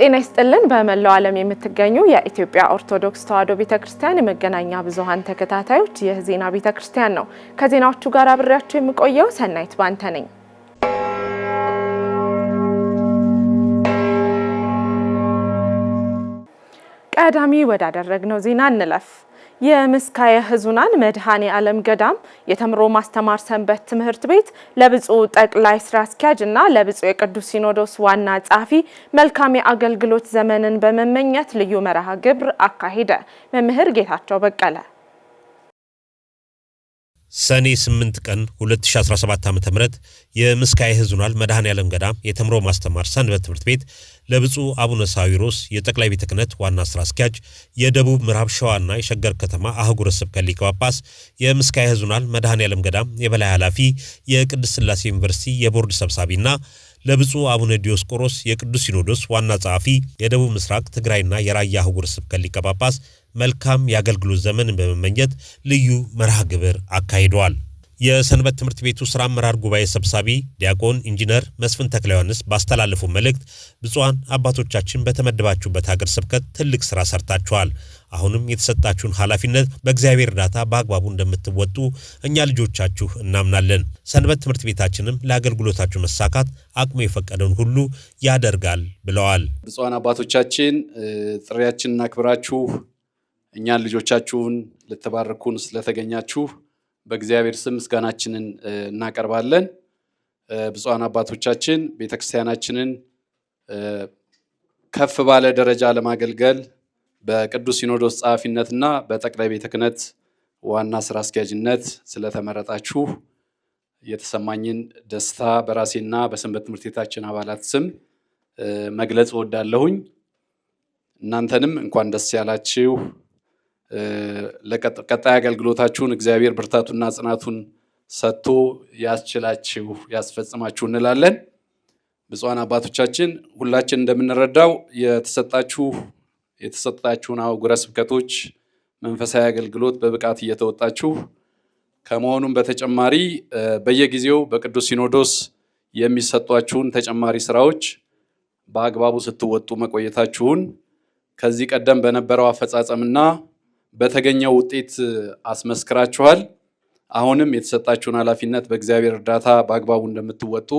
ጤና ይስጥልን። በመላው ዓለም የምትገኙ የኢትዮጵያ ኦርቶዶክስ ተዋሕዶ ቤተክርስቲያን የመገናኛ ብዙኃን ተከታታዮች ይህ ዜና ቤተክርስቲያን ነው። ከዜናዎቹ ጋር አብሬያቸው የምቆየው ሰናይት ባንተ ነኝ። ቀዳሚ ወዳደረግነው ዜና እንለፍ። የምስካየ ህዙናን መድኃኔ ዓለም ገዳም የተምሮ ማስተማር ሰንበት ትምህርት ቤት ለብፁዕ ጠቅላይ ስራ አስኪያጅ እና ለብፁዕ የቅዱስ ሲኖዶስ ዋና ጸሐፊ መልካም የአገልግሎት ዘመንን በመመኘት ልዩ መርሃ ግብር አካሄደ። መምህር ጌታቸው በቀለ ሰኔ 8 ቀን 2017 ዓ ም የምስካየ ኅዙናን መድኃኔዓለም ገዳም የተምሮ ማስተማር ሰንበት ትምህርት ቤት ለብፁዕ አቡነ ሳዊሮስ የጠቅላይ ቤተ ክህነት ዋና ስራ አስኪያጅ የደቡብ ምዕራብ ሸዋና የሸገር ከተማ አህጉረ ስብከት ሊቀ ጳጳስ የምስካየ ኅዙናን መድኃኔዓለም ገዳም የበላይ ኃላፊ የቅድስት ሥላሴ ዩኒቨርሲቲ የቦርድ ሰብሳቢና ለብፁዕ አቡነ ዲዮስቆሮስ የቅዱስ ሲኖዶስ ዋና ጸሐፊ፣ የደቡብ ምስራቅ ትግራይና የራያ አህጉረ ስብከት ሊቀ ጳጳስ መልካም የአገልግሎት ዘመን በመመኘት ልዩ መርሃ ግብር አካሂደዋል። የሰንበት ትምህርት ቤቱ ስራ አመራር ጉባኤ ሰብሳቢ ዲያቆን ኢንጂነር መስፍን ተክለ ዮሐንስ ባስተላለፉ መልእክት ብፁዓን አባቶቻችን በተመደባችሁበት ሀገር ስብከት ትልቅ ስራ ሰርታችኋል አሁንም የተሰጣችሁን ኃላፊነት በእግዚአብሔር እርዳታ በአግባቡ እንደምትወጡ እኛ ልጆቻችሁ እናምናለን። ሰንበት ትምህርት ቤታችንም ለአገልግሎታችሁ መሳካት አቅሙ የፈቀደውን ሁሉ ያደርጋል ብለዋል። ብፁዓን አባቶቻችን ጥሪያችን አክብራችሁ እኛን ልጆቻችሁን ልትባርኩን ስለተገኛችሁ በእግዚአብሔር ስም ምስጋናችንን እናቀርባለን። ብፁዓን አባቶቻችን ቤተክርስቲያናችንን ከፍ ባለ ደረጃ ለማገልገል በቅዱስ ሲኖዶስ ጸሐፊነትና በጠቅላይ ቤተ ክህነት ዋና ስራ አስኪያጅነት ስለተመረጣችሁ የተሰማኝን ደስታ በራሴና በሰንበት ትምህርት ቤታችን አባላት ስም መግለጽ እወዳለሁኝ። እናንተንም እንኳን ደስ ያላችሁ። ለቀጣይ አገልግሎታችሁን እግዚአብሔር ብርታቱና ጽናቱን ሰጥቶ ያስችላችሁ ያስፈጽማችሁ እንላለን። ብፁዓን አባቶቻችን ሁላችን እንደምንረዳው የተሰጣችሁ የተሰጣችሁን አህጉረ ስብከቶች መንፈሳዊ አገልግሎት በብቃት እየተወጣችሁ ከመሆኑም በተጨማሪ በየጊዜው በቅዱስ ሲኖዶስ የሚሰጧችሁን ተጨማሪ ስራዎች በአግባቡ ስትወጡ መቆየታችሁን ከዚህ ቀደም በነበረው አፈጻጸምና በተገኘው ውጤት አስመስክራችኋል። አሁንም የተሰጣችሁን ኃላፊነት በእግዚአብሔር እርዳታ በአግባቡ እንደምትወጡ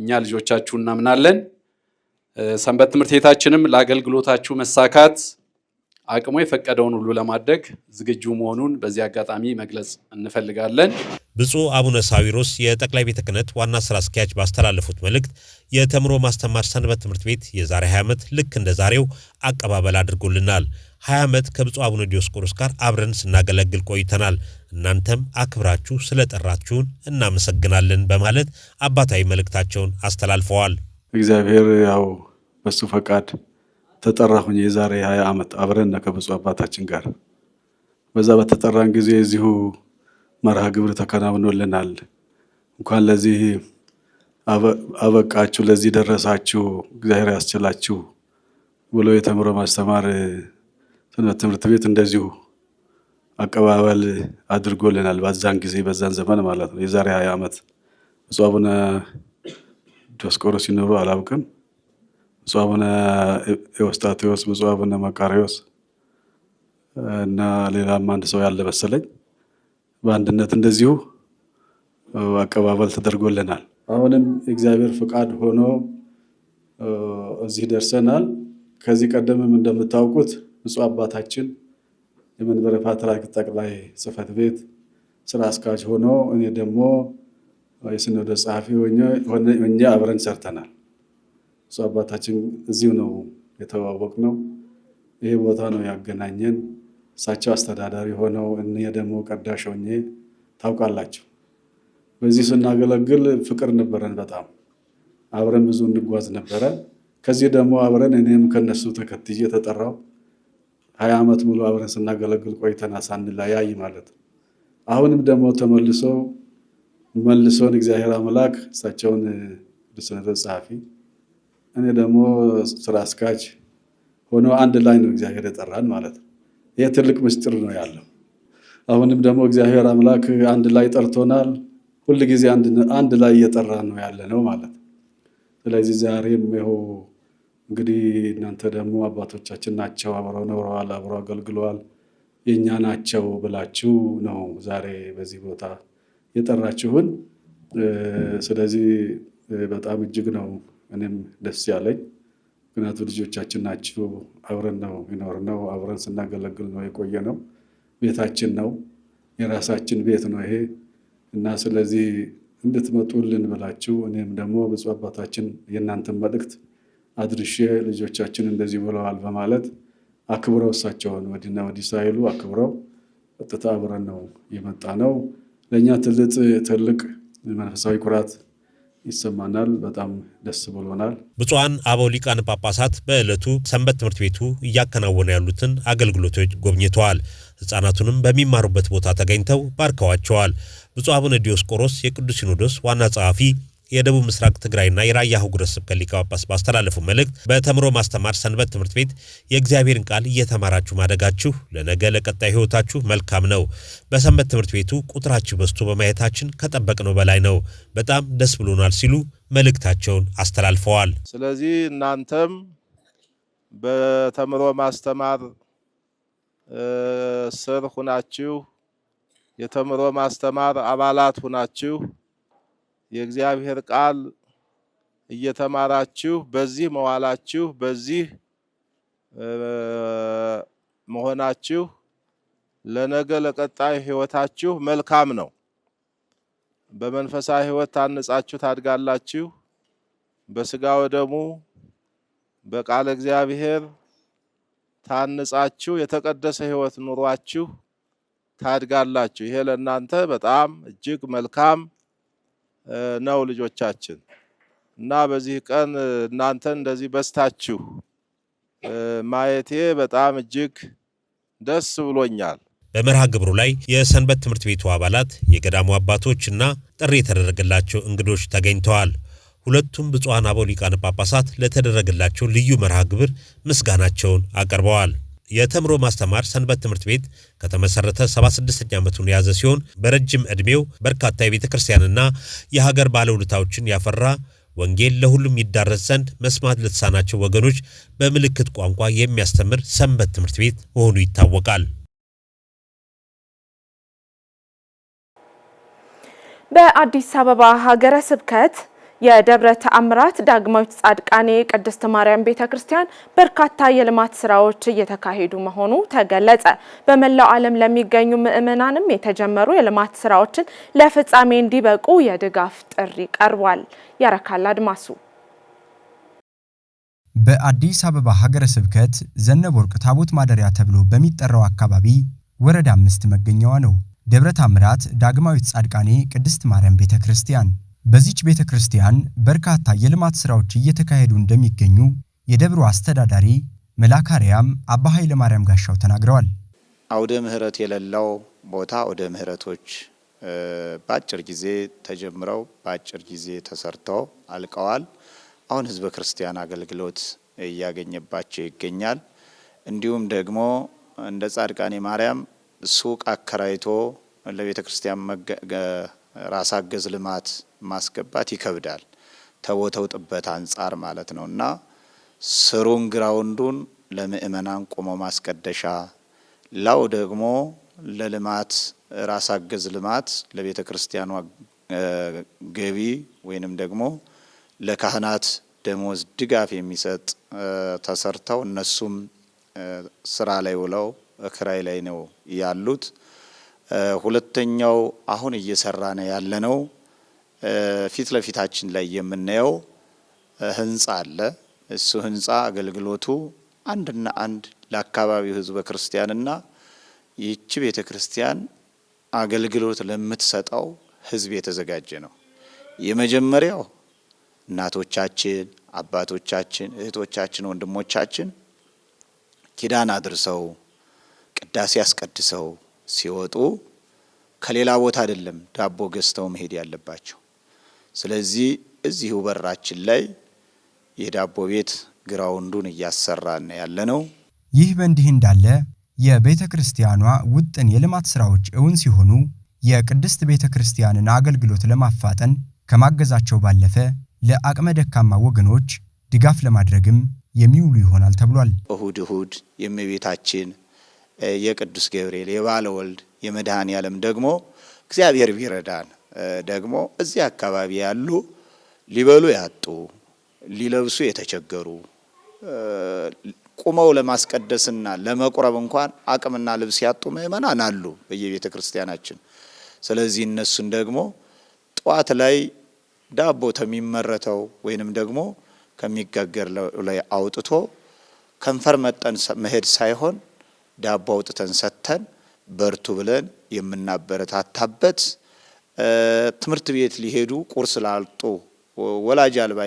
እኛ ልጆቻችሁ እናምናለን። ሰንበት ትምህርት ቤታችንም ለአገልግሎታችሁ መሳካት አቅሙ የፈቀደውን ሁሉ ለማድረግ ዝግጁ መሆኑን በዚህ አጋጣሚ መግለጽ እንፈልጋለን። ብፁዕ አቡነ ሳዊሮስ የጠቅላይ ቤተ ክህነት ዋና ስራ አስኪያጅ ባስተላለፉት መልእክት የተምሮ ማስተማር ሰንበት ትምህርት ቤት የዛሬ 20 ዓመት ልክ እንደ ዛሬው አቀባበል አድርጎልናል። 20 ዓመት ከብፁዕ አቡነ ዲዮስቆሮስ ጋር አብረን ስናገለግል ቆይተናል። እናንተም አክብራችሁ ስለጠራችሁን እናመሰግናለን በማለት አባታዊ መልእክታቸውን አስተላልፈዋል። እግዚአብሔር ያው በሱ ፈቃድ ተጠራሁኝ። የዛሬ ሀያ ዓመት አብረን ከብፁ አባታችን ጋር በዛ በተጠራን ጊዜ እዚሁ መርሃ ግብር ተከናውኖልናል። እንኳን ለዚህ አበቃችሁ፣ ለዚህ ደረሳችሁ፣ እግዚአብሔር ያስችላችሁ ብሎ የተምሮ ማስተማር ስነት ትምህርት ቤት እንደዚሁ አቀባበል አድርጎልናል። በዛን ጊዜ በዛን ዘመን ማለት ነው የዛሬ ሀያ ዓመት ብፁዕ አቡነ ዲዮስቆሮስ ሲኖሩ አላውቅም። ብፁዕ አቡነ ኤዎስጣቴዎስ፣ ብፁዕ አቡነ መቃሪዎስ እና ሌላም አንድ ሰው ያለ መሰለኝ በአንድነት እንደዚሁ አቀባበል ተደርጎልናል። አሁንም እግዚአብሔር ፍቃድ ሆኖ እዚህ ደርሰናል። ከዚህ ቀደምም እንደምታውቁት ብፁዕ አባታችን የመንበረ ፓትርያርክ ጠቅላይ ጽሕፈት ቤት ስራ አስኪያጅ ሆኖ እኔ ደግሞ የሲኖዶ ጸሐፊ ሆኜ አብረን ሰርተናል። እሱ አባታችን እዚሁ ነው የተዋወቅ ነው። ይሄ ቦታ ነው ያገናኘን። እሳቸው አስተዳዳሪ ሆነው እኔ ደግሞ ቀዳሽ ሆኜ ታውቃላቸው። በዚህ ስናገለግል ፍቅር ነበረን በጣም አብረን ብዙ እንጓዝ ነበረ። ከዚህ ደግሞ አብረን እኔም ከነሱ ተከትዬ የተጠራው ሀያ ዓመት ሙሉ አብረን ስናገለግል ቆይተና ሳንለያይ ማለት ነው። አሁንም ደግሞ ተመልሶ መልሶን እግዚአብሔር አምላክ እሳቸውን ስነተ ጸሐፊ እኔ ደግሞ ስራ አስካች ሆኖ አንድ ላይ ነው እግዚአብሔር የጠራን ማለት ነው። ይሄ ትልቅ ምስጢር ነው ያለው። አሁንም ደግሞ እግዚአብሔር አምላክ አንድ ላይ ጠርቶናል። ሁል ጊዜ አንድ ላይ እየጠራን ነው ያለ ነው ማለት ነው። ስለዚህ ዛሬም ይኸው እንግዲህ እናንተ ደግሞ አባቶቻችን ናቸው፣ አብረው ኖረዋል፣ አብረው አገልግለዋል፣ የእኛ ናቸው ብላችሁ ነው ዛሬ በዚህ ቦታ የጠራችሁን። ስለዚህ በጣም እጅግ ነው እኔም ደስ ያለኝ። ምክንያቱ ልጆቻችን ናችሁ። አብረን ነው ይኖር ነው አብረን ስናገለግል ነው የቆየ ነው። ቤታችን ነው የራሳችን ቤት ነው ይሄ እና ስለዚህ እንድትመጡልን ብላችሁ እኔም ደግሞ ብፁዕ አባታችን የእናንተን መልእክት አድርሼ ልጆቻችን እንደዚህ ብለዋል በማለት አክብረው እሳቸውን ወዲና ወዲህ ሳይሉ አክብረው ቀጥታ አብረን ነው የመጣ ነው። ለእኛ ትልቅ ትልቅ መንፈሳዊ ኩራት ይሰማናል። በጣም ደስ ብሎናል። ብፁዓን አበው ሊቃነ ጳጳሳት በዕለቱ ሰንበት ትምህርት ቤቱ እያከናወነ ያሉትን አገልግሎቶች ጎብኝተዋል። ሕፃናቱንም በሚማሩበት ቦታ ተገኝተው ባርከዋቸዋል። ብፁዕ አቡነ ዲዮስቆሮስ የቅዱስ ሲኖዶስ ዋና ጸሐፊ የደቡብ ምስራቅ ትግራይና የራያ አህጉረ ስብከት ሊቀ ጳጳስ ባስተላለፉ መልእክት በተምሮ ማስተማር ሰንበት ትምህርት ቤት የእግዚአብሔርን ቃል እየተማራችሁ ማደጋችሁ ለነገ ለቀጣይ ህይወታችሁ መልካም ነው። በሰንበት ትምህርት ቤቱ ቁጥራችሁ በዝቶ በማየታችን ከጠበቅነው በላይ ነው። በጣም ደስ ብሎናል ሲሉ መልእክታቸውን አስተላልፈዋል። ስለዚህ እናንተም በተምሮ ማስተማር ስር ሁናችሁ የተምሮ ማስተማር አባላት ሁናችሁ የእግዚአብሔር ቃል እየተማራችሁ በዚህ መዋላችሁ በዚህ መሆናችሁ ለነገ ለቀጣይ ህይወታችሁ መልካም ነው። በመንፈሳዊ ህይወት ታንጻችሁ ታድጋላችሁ። በስጋ ወደሙ በቃለ እግዚአብሔር ታንጻችሁ የተቀደሰ ህይወት ኑሯችሁ ታድጋላችሁ። ይሄ ለእናንተ በጣም እጅግ መልካም ነው ልጆቻችን እና በዚህ ቀን እናንተን እንደዚህ በስታችሁ ማየቴ በጣም እጅግ ደስ ብሎኛል። በመርሃ ግብሩ ላይ የሰንበት ትምህርት ቤቱ አባላት፣ የገዳሙ አባቶች እና ጥሪ የተደረገላቸው እንግዶች ተገኝተዋል። ሁለቱም ብፁዓን አበው ሊቃነ ጳጳሳት ለተደረገላቸው ልዩ መርሃ ግብር ምስጋናቸውን አቅርበዋል። የተምሮ ማስተማር ሰንበት ትምህርት ቤት ከተመሰረተ 76ኛ ዓመቱን የያዘ ሲሆን በረጅም ዕድሜው በርካታ የቤተ ክርስቲያንና የሀገር ባለውለታዎችን ያፈራ ወንጌል ለሁሉም ይዳረስ ዘንድ መስማት ለተሳናቸው ወገኖች በምልክት ቋንቋ የሚያስተምር ሰንበት ትምህርት ቤት መሆኑ ይታወቃል። በአዲስ አበባ ሀገረ ስብከት የደብረ ተአምራት ዳግማዊት ጻድቃኔ ቅድስት ማርያም ቤተ ክርስቲያን በርካታ የልማት ስራዎች እየተካሄዱ መሆኑ ተገለጸ። በመላው ዓለም ለሚገኙ ምዕመናንም የተጀመሩ የልማት ስራዎችን ለፍጻሜ እንዲበቁ የድጋፍ ጥሪ ቀርቧል። ያረካል አድማሱ በአዲስ አበባ ሀገረ ስብከት ዘነበ ወርቅ ታቦት ማደሪያ ተብሎ በሚጠራው አካባቢ ወረዳ አምስት መገኛዋ ነው። ደብረ ተአምራት ዳግማዊት ጻድቃኔ ቅድስት ማርያም ቤተ ክርስቲያን በዚች ቤተ ክርስቲያን በርካታ የልማት ስራዎች እየተካሄዱ እንደሚገኙ የደብሩ አስተዳዳሪ መልአከ አባ ኃይለ ማርያም ጋሻው ተናግረዋል። አውደ ምሕረት የሌለው ቦታ አውደ ምሕረቶች በአጭር ጊዜ ተጀምረው በአጭር ጊዜ ተሰርተው አልቀዋል። አሁን ህዝበ ክርስቲያን አገልግሎት እያገኘባቸው ይገኛል። እንዲሁም ደግሞ እንደ ጻድቃኔ ማርያም ሱቅ አከራይቶ ለቤተ ክርስቲያን ራስ አገዝ ልማት ማስገባት ይከብዳል ተቦተው ጥበት አንጻር ማለት ነው እና ስሩን ግራውንዱን ለምእመናን ቆሞ ማስቀደሻ ላው ደግሞ ለልማት ራስ አገዝ ልማት ለቤተ ክርስቲያኗ ገቢ ወይንም ደግሞ ለካህናት ደሞዝ ድጋፍ የሚሰጥ ተሰርተው እነሱም ስራ ላይ ውለው እክራይ ላይ ነው ያሉት። ሁለተኛው አሁን እየሰራ ነው ያለነው ፊት ለፊታችን ላይ የምናየው ህንፃ አለ። እሱ ህንፃ አገልግሎቱ አንድና አንድ ለአካባቢው ህዝበ ክርስቲያንና ይህቺ ቤተ ክርስቲያን አገልግሎት ለምትሰጠው ህዝብ የተዘጋጀ ነው። የመጀመሪያው እናቶቻችን፣ አባቶቻችን፣ እህቶቻችን፣ ወንድሞቻችን ኪዳን አድርሰው ቅዳሴ አስቀድሰው ሲወጡ ከሌላ ቦታ አይደለም ዳቦ ገዝተው መሄድ ያለባቸው። ስለዚህ እዚሁ በራችን ላይ የዳቦ ቤት ግራውንዱን እያሰራን ያለ ነው። ይህ በእንዲህ እንዳለ የቤተ ክርስቲያኗ ውጥን የልማት ስራዎች እውን ሲሆኑ የቅድስት ቤተ ክርስቲያንን አገልግሎት ለማፋጠን ከማገዛቸው ባለፈ ለአቅመ ደካማ ወገኖች ድጋፍ ለማድረግም የሚውሉ ይሆናል ተብሏል። እሁድ እሁድ የእመቤታችን የቅዱስ ገብርኤል የባለ ወልድ የመድኃኔ ዓለም ደግሞ እግዚአብሔር ቢረዳን ደግሞ እዚህ አካባቢ ያሉ ሊበሉ ያጡ ሊለብሱ የተቸገሩ ቁመው ለማስቀደስና ለመቁረብ እንኳን አቅምና ልብስ ያጡ ምእመናን አሉ በየቤተ ክርስቲያናችን። ስለዚህ እነሱን ደግሞ ጠዋት ላይ ዳቦ ከሚመረተው ወይንም ደግሞ ከሚጋገር ላይ አውጥቶ ከንፈር መጠን መሄድ ሳይሆን ዳቦ አውጥተን ሰጥተን በርቱ ብለን የምናበረታታበት ትምህርት ቤት ሊሄዱ ቁርስ ላጡ ወላጅ አልባ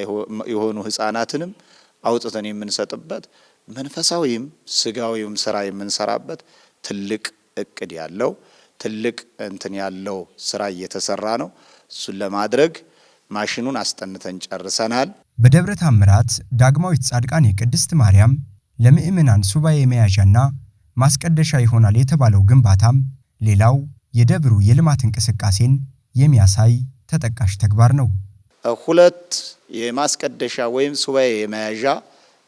የሆኑ ሕፃናትንም አውጥተን የምንሰጥበት መንፈሳዊም ስጋዊም ስራ የምንሰራበት ትልቅ እቅድ ያለው ትልቅ እንትን ያለው ስራ እየተሰራ ነው። እሱን ለማድረግ ማሽኑን አስጠንተን ጨርሰናል። በደብረ ታምራት ዳግማዊት ጻድቃን ቅድስት ማርያም ለምእመናን ሱባኤ መያዣና ማስቀደሻ ይሆናል የተባለው ግንባታም ሌላው የደብሩ የልማት እንቅስቃሴን የሚያሳይ ተጠቃሽ ተግባር ነው። ሁለት የማስቀደሻ ወይም ሱባኤ የመያዣ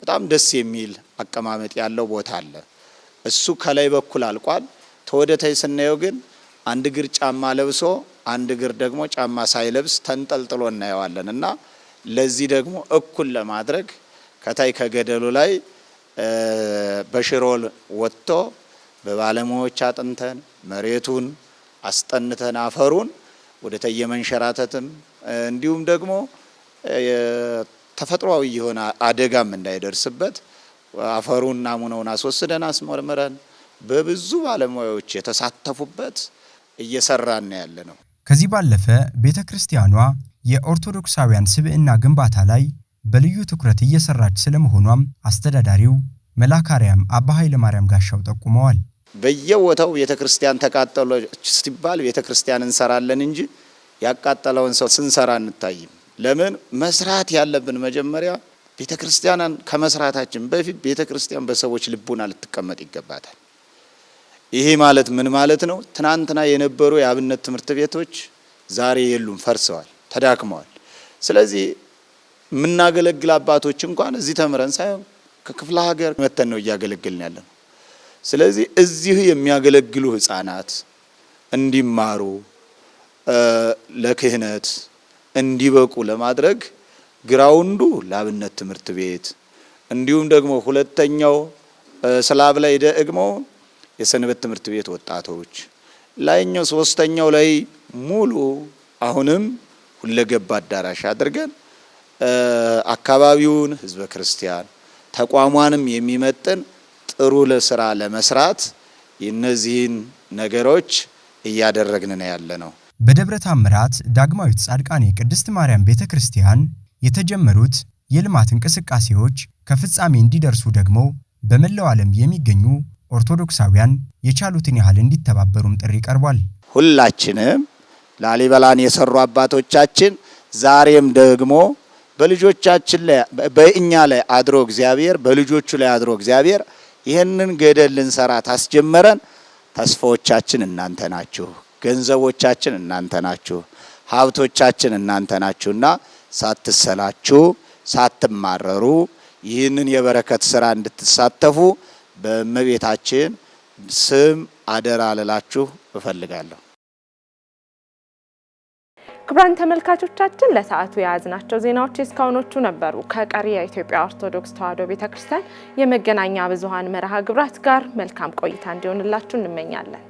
በጣም ደስ የሚል አቀማመጥ ያለው ቦታ አለ። እሱ ከላይ በኩል አልቋል። ተወደታይ ስናየው ግን አንድ እግር ጫማ ለብሶ አንድ እግር ደግሞ ጫማ ሳይለብስ ተንጠልጥሎ እናየዋለን እና ለዚህ ደግሞ እኩል ለማድረግ ከታይ ከገደሉ ላይ በሽሮል ወጥቶ በባለሙያዎች አጥንተን መሬቱን አስጠንተን አፈሩን ወደ ተየመንሸራተትም እንዲሁም ደግሞ ተፈጥሯዊ የሆነ አደጋም እንዳይደርስበት አፈሩን ናሙናውን አስወስደን አስመርምረን በብዙ ባለሙያዎች የተሳተፉበት እየሰራን ያለ ነው። ከዚህ ባለፈ ቤተ ክርስቲያኗ የኦርቶዶክሳውያን ስብዕና ግንባታ ላይ በልዩ ትኩረት እየሰራች ስለመሆኗም አስተዳዳሪው መላካርያም አባ ኃይለ ማርያም ጋሻው ጠቁመዋል። በየቦታው ቤተ ክርስቲያን ተቃጠሎች ሲባል ቤተ ክርስቲያን እንሰራለን እንጂ ያቃጠለውን ሰው ስንሰራ እንታይም። ለምን መስራት ያለብን መጀመሪያ ቤተ ክርስቲያንን ከመስራታችን በፊት ቤተ ክርስቲያን በሰዎች ልቡና ልትቀመጥ ይገባታል። ይሄ ማለት ምን ማለት ነው? ትናንትና የነበሩ የአብነት ትምህርት ቤቶች ዛሬ የሉም፣ ፈርሰዋል፣ ተዳክመዋል። ስለዚህ የምናገለግል አባቶች እንኳን እዚህ ተምረን ሳይሆን ከክፍለ ሀገር መተን ነው እያገለግልን ያለ ነው። ስለዚህ እዚህ የሚያገለግሉ ህጻናት እንዲማሩ ለክህነት እንዲበቁ ለማድረግ ግራውንዱ ለአብነት ትምህርት ቤት እንዲሁም ደግሞ ሁለተኛው ስላብ ላይ ደግሞ የሰንበት ትምህርት ቤት ወጣቶች ላይኛው ሶስተኛው ላይ ሙሉ አሁንም ሁለገብ አዳራሽ አድርገን አካባቢውን ህዝበ ክርስቲያን ተቋሟንም የሚመጥን ጥሩ ለስራ ለመስራት እነዚህን ነገሮች እያደረግን ነው ያለ ነው። በደብረ ታምራት ዳግማዊት ጻድቃኔ ቅድስት ማርያም ቤተ ክርስቲያን የተጀመሩት የልማት እንቅስቃሴዎች ከፍጻሜ እንዲደርሱ ደግሞ በመላው ዓለም የሚገኙ ኦርቶዶክሳውያን የቻሉትን ያህል እንዲተባበሩም ጥሪ ቀርቧል። ሁላችንም ላሊበላን የሰሩ አባቶቻችን ዛሬም ደግሞ በልጆቻችን ላይ በእኛ ላይ አድሮ እግዚአብሔር በልጆቹ ላይ አድሮ እግዚአብሔር ይህንን ገደል ልንሰራ ታስጀመረን። ተስፋዎቻችን እናንተ ናችሁ፣ ገንዘቦቻችን እናንተ ናችሁ፣ ሀብቶቻችን እናንተ ናችሁና ሳትሰላችሁ ሳትማረሩ ይህንን የበረከት ስራ እንድትሳተፉ በእመቤታችን ስም አደራ ልላችሁ እፈልጋለሁ። ክቡራን ተመልካቾቻችን ለሰዓቱ የያዝናቸው ዜናዎች እስካሁኖቹ ነበሩ። ከቀሪ የኢትዮጵያ ኦርቶዶክስ ተዋሕዶ ቤተክርስቲያን የመገናኛ ብዙኃን መርሃ ግብራት ጋር መልካም ቆይታ እንዲሆንላችሁ እንመኛለን።